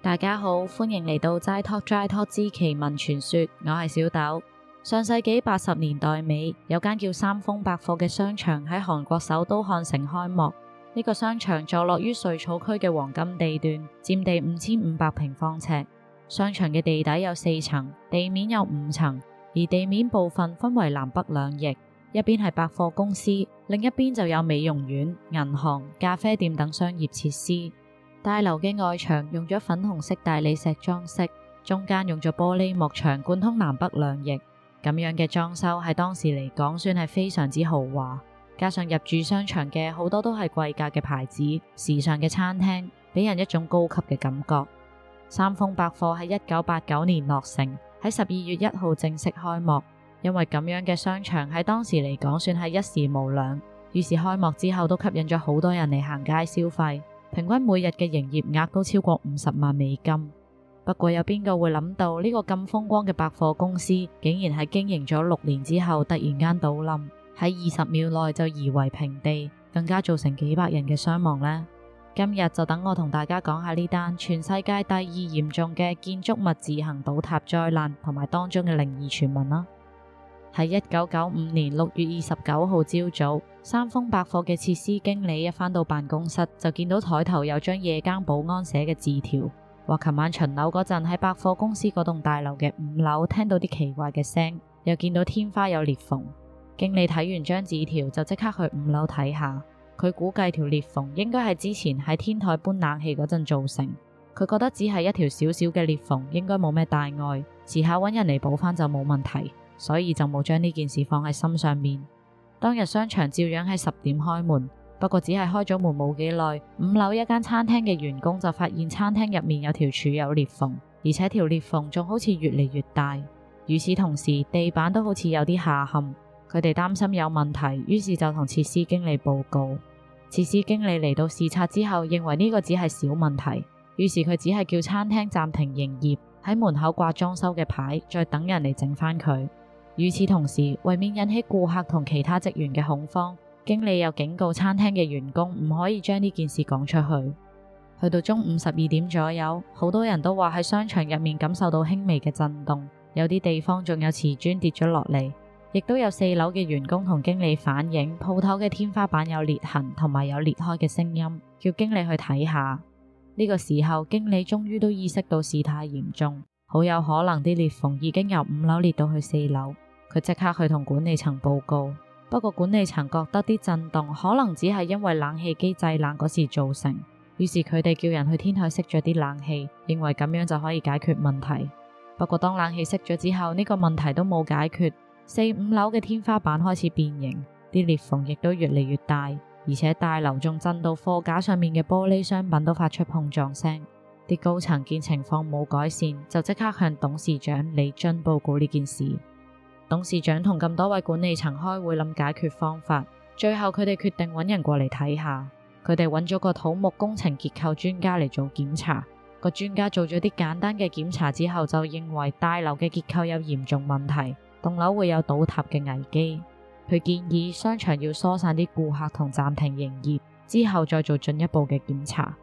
大家好，歡迎嚟到齋 Talk 齋 Talk 之奇聞傳說，我係小豆。上世紀八十年代尾，有間叫三豐百貨嘅商場喺韓國首都漢城開幕。呢個商場坐落於瑞草區嘅黃金地段，佔地五千五百平方尺。商場嘅地底有四層，地面有五層，而地面部分分為南北兩翼，一邊係百貨公司，另一邊就有美容院、銀行、咖啡店等商業設施。大樓嘅外牆用咗粉紅色大理石裝飾，中間用咗玻璃幕牆貫通南北兩翼。咁樣嘅裝修喺當時嚟講算係非常之豪華，加上入住商場嘅好多都係貴價嘅牌子、時尚嘅餐廳，俾人一種高級嘅感覺。三豐百貨喺一九八九年落成，喺十二月一號正式開幕。因為咁樣嘅商場喺當時嚟講算係一時無兩，於是開幕之後都吸引咗好多人嚟行街消費。平均每日嘅營業額都超過五十萬美金。不過有邊個會諗到呢個咁風光嘅百貨公司，竟然喺經營咗六年之後突然間倒冧，喺二十秒內就夷為平地，更加造成幾百人嘅傷亡呢？今日就等我同大家講下呢單全世界第二嚴重嘅建築物自行倒塌災難，同埋當中嘅靈異傳聞啦。喺一九九五年六月二十九號朝早，三豐百貨嘅設施經理一返到辦公室，就見到台頭有張夜間保安寫嘅字條，話琴晚巡樓嗰陣喺百貨公司嗰棟大樓嘅五樓聽到啲奇怪嘅聲，又見到天花有裂縫。經理睇完張字條就即刻去五樓睇下。佢估計條裂縫應該係之前喺天台搬冷氣嗰陣造成。佢覺得只係一條小小嘅裂縫，應該冇咩大礙，遲下揾人嚟補返就冇問題。所以就冇將呢件事放喺心上面。當日商場照樣喺十點開門，不過只係開咗門冇幾耐，五樓一間餐廳嘅員工就發現餐廳入面有條柱有裂縫，而且條裂縫仲好似越嚟越大。與此同時，地板都好似有啲下陷，佢哋擔心有問題，於是就同設施經理報告。設施經理嚟到視察之後，認為呢個只係小問題，於是佢只係叫餐廳暫停營業，喺門口掛裝修嘅牌，再等人嚟整翻佢。與此同時，為免引起顧客同其他職員嘅恐慌，經理又警告餐廳嘅員工唔可以將呢件事講出去。去到中午十二點左右，好多人都話喺商場入面感受到輕微嘅震動，有啲地方仲有瓷磚跌咗落嚟，亦都有四樓嘅員工同經理反映鋪頭嘅天花板有裂痕同埋有裂開嘅聲音，叫經理去睇下。呢個時候，經理終於都意識到事態嚴重，好有可能啲裂縫已經由五樓裂到去四樓。佢即刻去同管理層報告，不過管理層覺得啲震動可能只係因為冷氣機製冷嗰時造成，於是佢哋叫人去天台熄咗啲冷氣，認為咁樣就可以解決問題。不過當冷氣熄咗之後，呢個問題都冇解決，四五樓嘅天花板開始變形，啲裂縫亦都越嚟越大，而且大樓仲震到貨架上面嘅玻璃商品都發出碰撞聲。啲高層見情況冇改善，就即刻向董事長李津報告呢件事。董事長同咁多位管理層開會諗解決方法，最後佢哋決定揾人過嚟睇下。佢哋揾咗個土木工程結構專家嚟做檢查。個專家做咗啲簡單嘅檢查之後，就認為大樓嘅結構有嚴重問題，棟樓會有倒塌嘅危機。佢建議商場要疏散啲顧客同暫停營業，之後再做進一步嘅檢查。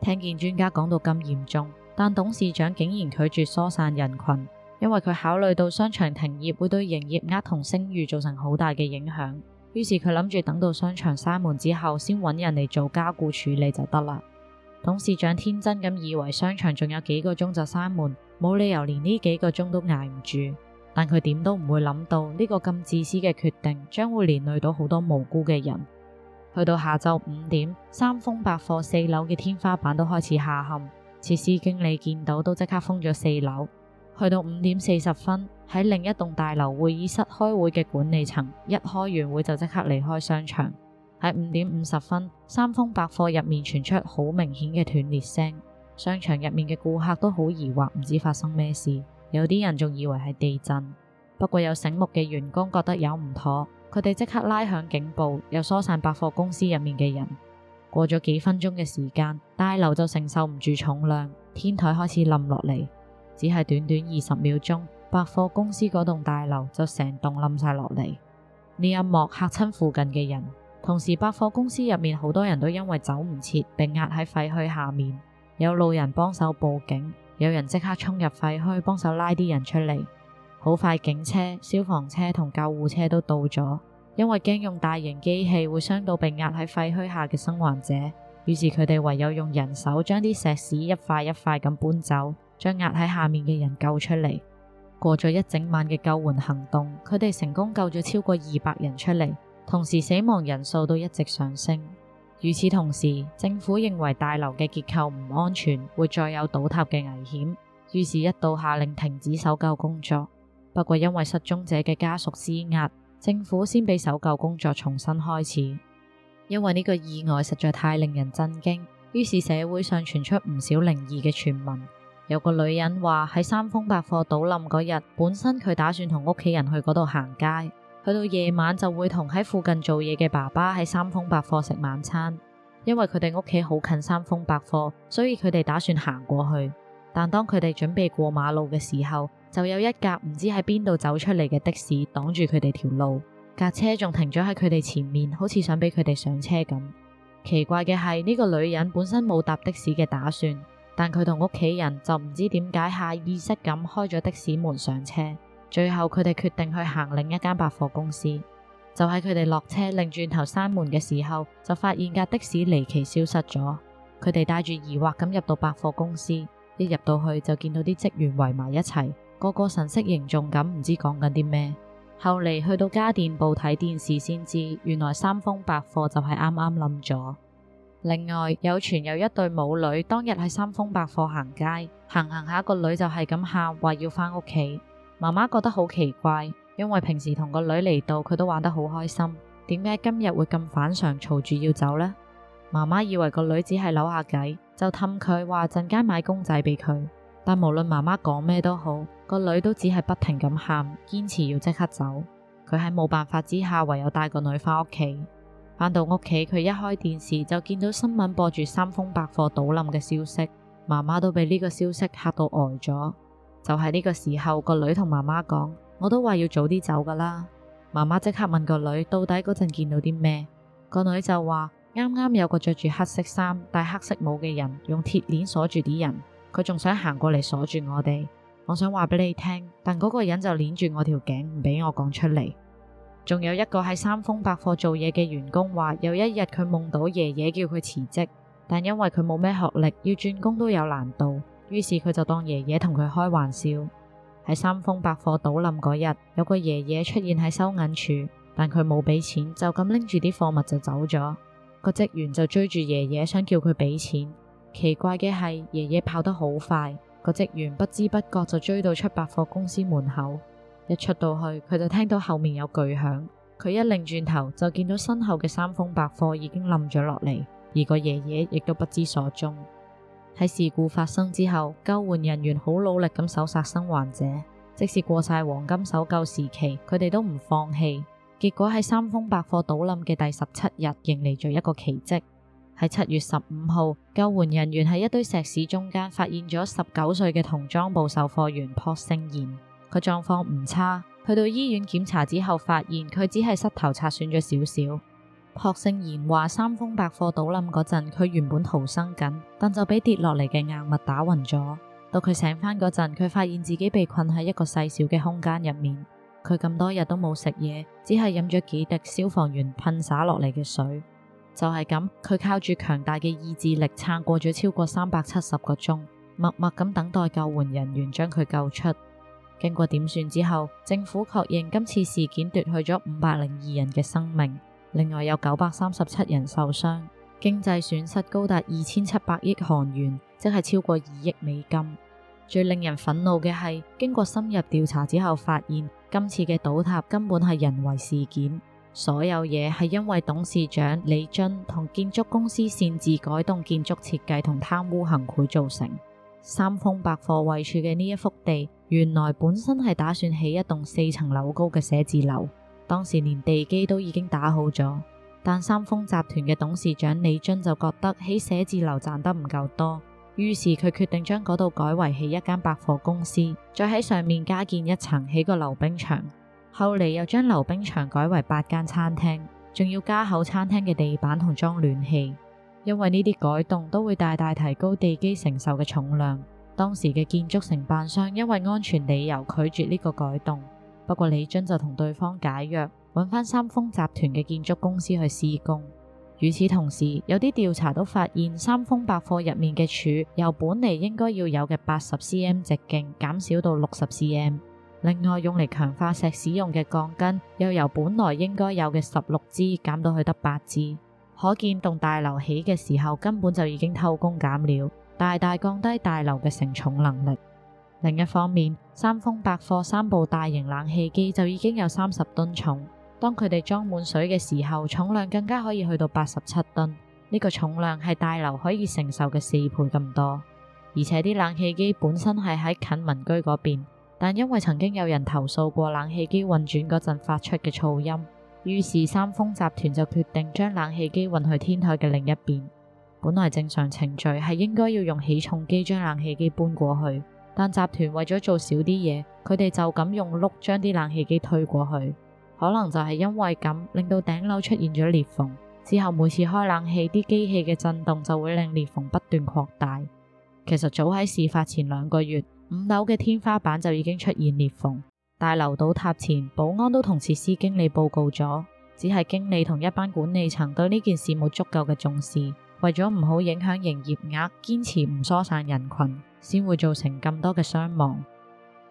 聽見專家講到咁嚴重，但董事長竟然拒絕疏散人群。因為佢考慮到商場停業會對營業額同聲譽造成好大嘅影響，於是佢諗住等到商場閂門之後，先揾人嚟做加固處理就得啦。董事長天真咁以為商場仲有幾個鐘就閂門，冇理由連呢幾個鐘都捱唔住。但佢點都唔會諗到呢個咁自私嘅決定，將會連累到好多無辜嘅人。去到下晝五點，三豐百貨四樓嘅天花板都開始下陷，設施經理見到都即刻封咗四樓。去到五點四十分，喺另一棟大樓會議室開會嘅管理層一開完會就即刻離開商場。喺五點五十分，三豐百貨入面傳出好明顯嘅斷裂聲，商場入面嘅顧客都好疑惑，唔知發生咩事。有啲人仲以為係地震，不過有醒目嘅員工覺得有唔妥，佢哋即刻拉響警報，又疏散百貨公司入面嘅人。過咗幾分鐘嘅時間，大樓就承受唔住重量，天台開始冧落嚟。只係短短二十秒鐘，百貨公司嗰棟大樓就成棟冧晒落嚟。呢一幕吓親附近嘅人，同時百貨公司入面好多人都因為走唔切，被壓喺廢墟下面。有路人幫手報警，有人即刻衝入廢墟幫手拉啲人出嚟。好快，警車、消防車同救護車都到咗，因為驚用大型機器會傷到被壓喺廢墟下嘅生還者，於是佢哋唯有用人手將啲石屎一塊一塊咁搬走。將壓喺下面嘅人救出嚟。過咗一整晚嘅救援行動，佢哋成功救咗超過二百人出嚟，同時死亡人數都一直上升。與此同時，政府認為大樓嘅結構唔安全，會再有倒塌嘅危險，於是一度下令停止搜救工作。不過因為失蹤者嘅家屬施壓，政府先俾搜救工作重新開始。因為呢個意外實在太令人震驚，於是社會上傳出唔少靈異嘅傳聞。有個女人話喺三豐百貨倒冧嗰日，本身佢打算同屋企人去嗰度行街，去到夜晚就會同喺附近做嘢嘅爸爸喺三豐百貨食晚餐。因為佢哋屋企好近三豐百貨，所以佢哋打算行過去。但當佢哋準備過馬路嘅時候，就有一架唔知喺邊度走出嚟嘅的士擋住佢哋條路，架車仲停咗喺佢哋前面，好似想俾佢哋上車咁。奇怪嘅係，呢個女人本身冇搭的士嘅打算。但佢同屋企人就唔知點解下意識咁開咗的士門上車，最後佢哋決定去行另一間百貨公司。就喺佢哋落車擰轉頭閂門嘅時候，就發現架的士離奇消失咗。佢哋帶住疑惑咁入到百貨公司，一入到去就見到啲職員圍埋一齊，個個神色凝重咁，唔知講緊啲咩。後嚟去到家電部睇電視先知，原來三豐百貨就係啱啱冧咗。另外有傳有一對母女當日喺三豐百貨行街，行行下個女就係咁喊，話要返屋企。媽媽覺得好奇怪，因為平時同個女嚟到佢都玩得好開心，點解今日會咁反常，嘈住要走呢？媽媽以為個女只係扭下計，就氹佢話陣間買公仔俾佢，但無論媽媽講咩都好，個女都只係不停咁喊，堅持要即刻走。佢喺冇辦法之下，唯有帶個女返屋企。返到屋企，佢一開電視就見到新聞播住三豐百貨倒冧嘅消息，媽媽都被呢個消息嚇到呆咗。就喺呢個時候，個女同媽媽講：我都話要早啲走噶啦。媽媽即刻問個女到底嗰陣見到啲咩？個女就話：啱啱有個着住黑色衫，戴黑色帽嘅人，用鐵鏈鎖住啲人，佢仲想行過嚟鎖住我哋。我想話俾你聽，但嗰個人就鏈住我條頸，唔俾我講出嚟。仲有一個喺三豐百貨做嘢嘅員工話，有一日佢夢到爺爺叫佢辭職，但因為佢冇咩學歷，要轉工都有難度，於是佢就當爺爺同佢開玩笑。喺三豐百貨倒冧嗰日，有個爺爺出現喺收銀處，但佢冇俾錢，就咁拎住啲貨物就走咗。個職員就追住爺爺，想叫佢俾錢。奇怪嘅係，爺爺跑得好快，個職員不知不覺就追到出百貨公司門口。一出到去，佢就聽到後面有巨響。佢一擰轉頭，就見到身後嘅三豐百貨已經冧咗落嚟，而個爺爺亦都不知所蹤。喺事故發生之後，救援人員好努力咁搜索生還者，即使過晒黃金搜救時期，佢哋都唔放棄。結果喺三豐百貨倒冧嘅第十七日，迎嚟咗一個奇迹。喺七月十五號，救援人員喺一堆石屎中間發現咗十九歲嘅童裝部售貨員朴勝賢。佢狀況唔差，去到醫院檢查之後，發現佢只係膝頭擦損咗少少。朴勝賢話：三豐百貨倒冧嗰陣，佢原本逃生緊，但就俾跌落嚟嘅硬物打暈咗。到佢醒返嗰陣，佢發現自己被困喺一個細小嘅空間入面。佢咁多日都冇食嘢，只係飲咗幾滴消防員噴灑落嚟嘅水。就係咁，佢靠住強大嘅意志力撐過咗超過三百七十個鐘，默默咁等待救援人員將佢救出。經過點算之後，政府確認今次事件奪去咗五百零二人嘅生命，另外有九百三十七人受傷，經濟損失高達二千七百億韓元，即係超過二億美金。最令人憤怒嘅係，經過深入調查之後，發現今次嘅倒塌根本係人為事件，所有嘢係因為董事長李津同建築公司擅自改動建築設計同貪污行賄造成。三豐百貨位處嘅呢一幅地，原來本身係打算起一棟四層樓高嘅寫字樓，當時連地基都已經打好咗。但三豐集團嘅董事長李俊就覺得起寫字樓賺得唔夠多，於是佢決定將嗰度改為起一間百貨公司，再喺上面加建一層起個溜冰場。後嚟又將溜冰場改為八間餐廳，仲要加厚餐廳嘅地板同裝暖氣。因為呢啲改動都會大大提高地基承受嘅重量，當時嘅建築承辦商因為安全理由拒絕呢個改動。不過李津就同對方解約，揾翻三豐集團嘅建築公司去施工。與此同時，有啲調查都發現，三豐百貨入面嘅柱由本嚟應該要有嘅八十 cm 直徑減少到六十 cm，另外用嚟強化石使用嘅鋼筋又由本來應該有嘅十六支減到去得八支。可見棟大樓起嘅時候根本就已經偷工減料，大大降低大樓嘅承重能力。另一方面，三豐百貨三部大型冷氣機就已經有三十噸重，當佢哋裝滿水嘅時候，重量更加可以去到八十七噸。呢個重量係大樓可以承受嘅四倍咁多。而且啲冷氣機本身係喺近民居嗰邊，但因為曾經有人投訴過冷氣機運轉嗰陣發出嘅噪音。於是三豐集團就決定將冷氣機運去天台嘅另一邊。本來正常程序係應該要用起重機將冷氣機搬過去，但集團為咗做少啲嘢，佢哋就咁用碌將啲冷氣機推過去。可能就係因為咁，令到頂樓出現咗裂縫。之後每次開冷氣，啲機器嘅震動就會令裂縫不斷擴大。其實早喺事發前兩個月，五樓嘅天花板就已經出現裂縫。大樓倒塌前，保安都同設施經理報告咗，只係經理同一班管理層對呢件事冇足夠嘅重視，為咗唔好影響營業額，堅持唔疏散人群，先會造成咁多嘅傷亡。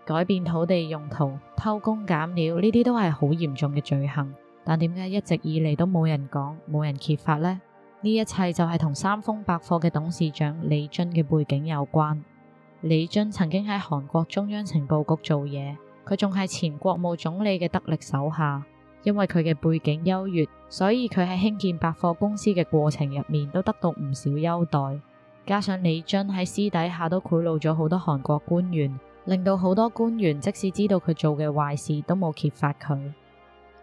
改變土地用途、偷工減料呢啲都係好嚴重嘅罪行，但點解一直以嚟都冇人講、冇人揭發呢？呢一切就係同三豐百貨嘅董事長李俊嘅背景有關。李俊曾經喺韓國中央情報局做嘢。佢仲係前國務總理嘅得力手下，因為佢嘅背景優越，所以佢喺興建百貨公司嘅過程入面都得到唔少優待。加上李俊喺私底下都賄賂咗好多韓國官員，令到好多官員即使知道佢做嘅壞事都冇揭發佢。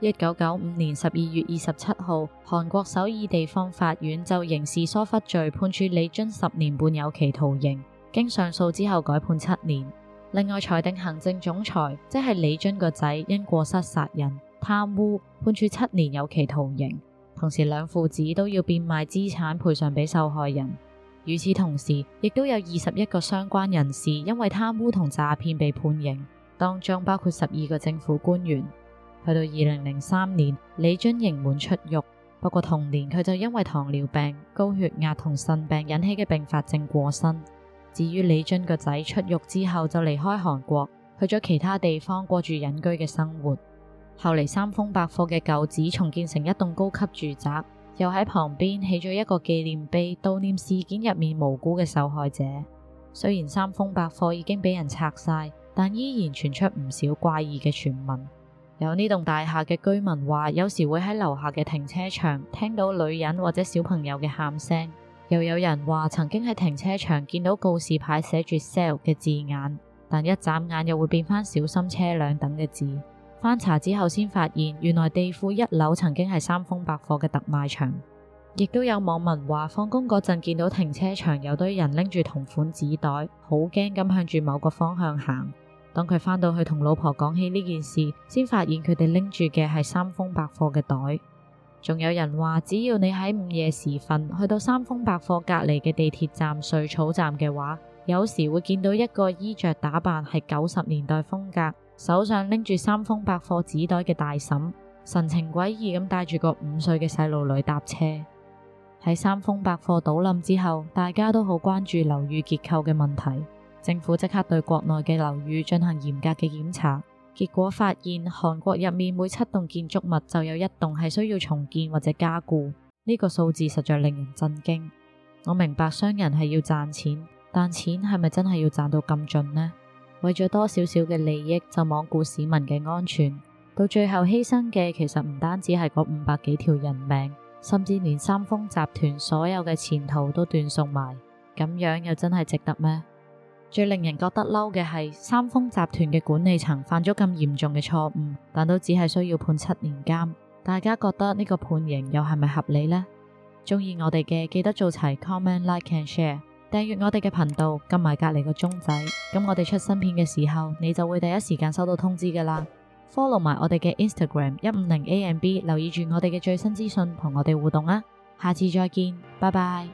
一九九五年十二月二十七號，韓國首爾地方法院就刑事疏忽罪，罪判處李俊十年半有期徒刑，經上訴之後改判七年。另外裁定，行政總裁即係李津個仔因過失殺人、貪污，判處七年有期徒刑。同時，兩父子都要變賣資產賠償俾受害人。與此同時，亦都有二十一個相關人士因為貪污同詐騙被判刑，當中包括十二個政府官員。去到二零零三年，李津刑滿出獄，不過同年佢就因為糖尿病、高血壓同腎病引起嘅併發症過身。至於李俊個仔出獄之後就離開韓國，去咗其他地方過住隱居嘅生活。後嚟三豐百貨嘅舊址重建成一棟高級住宅，又喺旁邊起咗一個紀念碑悼念事件入面無辜嘅受害者。雖然三豐百貨已經俾人拆晒，但依然傳出唔少怪異嘅傳聞。有呢棟大廈嘅居民話，有時會喺樓下嘅停車場聽到女人或者小朋友嘅喊聲。又有人話曾經喺停車場見到告示牌寫住 sale 嘅字眼，但一眨眼又會變翻小心車輛等嘅字。翻查之後先發現，原來地庫一樓曾經係三豐百貨嘅特賣場。亦都有網民話放工嗰陣見到停車場有堆人拎住同款紙袋，好驚咁向住某個方向行。當佢返到去同老婆講起呢件事，先發現佢哋拎住嘅係三豐百貨嘅袋。仲有人話，只要你喺午夜時分去到三豐百貨隔籬嘅地鐵站瑞草站嘅話，有時會見到一個衣着打扮係九十年代風格，手上拎住三豐百貨紙袋嘅大嬸，神情詭異咁帶住個五歲嘅細路女搭車。喺三豐百貨倒冧之後，大家都好關注樓宇結構嘅問題，政府即刻對國內嘅樓宇進行嚴格嘅檢查。結果發現，韓國入面每七棟建築物就有一棟係需要重建或者加固，呢個數字實在令人震驚。我明白商人係要賺錢，但錢係咪真係要賺到咁盡呢？為咗多少少嘅利益就罔顧市民嘅安全，到最後犧牲嘅其實唔單止係嗰五百幾條人命，甚至連三豐集團所有嘅前途都斷送埋。咁樣又真係值得咩？最令人覺得嬲嘅係三豐集團嘅管理層犯咗咁嚴重嘅錯誤，但都只係需要判七年監。大家覺得呢個判刑又係咪合理呢？鍾意我哋嘅記得做齊 comment、like and share，訂閱我哋嘅頻道，撳埋隔籬個鐘仔，咁我哋出新片嘅時候，你就會第一時間收到通知噶啦。Follow 埋我哋嘅 Instagram 一五零 AMB，留意住我哋嘅最新資訊，同我哋互動啊！下次再見，拜拜。